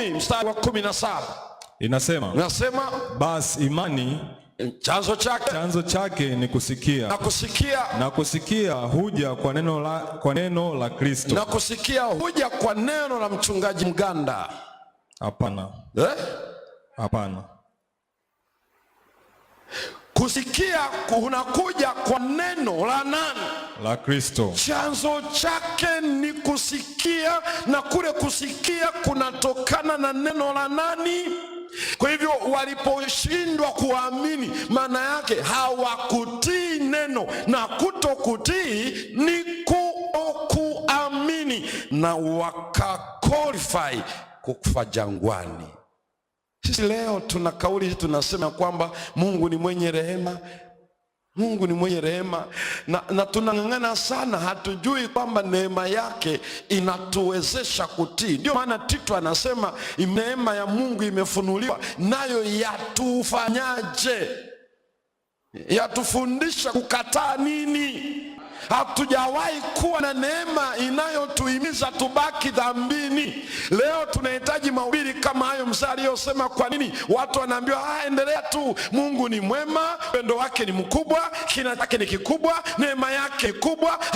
kumi mstari wa kumi na saba inasema nasema, basi imani chanzo chake chanzo chake ni kusikia na kusikia na kusikia huja kwa neno la, kwa neno la Kristo na kusikia huja kwa neno la mchungaji mganda. Hapana, eh? Hapana, kusikia kunakuja kwa neno la nani? La Kristo. Chanzo chake kusikia, na kule kusikia kunatokana na neno la nani? Kwa hivyo waliposhindwa kuamini, maana yake hawakutii neno, na kutokutii ni kuokuamini, na wakakolifai kukufa jangwani. Sisi leo tuna kauli tunasema kwamba Mungu ni mwenye rehema Mungu ni mwenye rehema na, na tunang'ang'ana sana, hatujui kwamba neema yake inatuwezesha kutii. Ndio maana Tito anasema neema ya Mungu imefunuliwa, nayo yatufanyaje? Yatufundisha kukataa nini? Hatujawahi kuwa na neema inayotuhimiza tubaki dhambini. Leo mahubiri kama hayo mzaa aliyosema. Kwa nini watu wanaambiwa ah, endelea tu, Mungu ni mwema, pendo wake ni mkubwa, kina chake ni kikubwa, neema yake kubwa.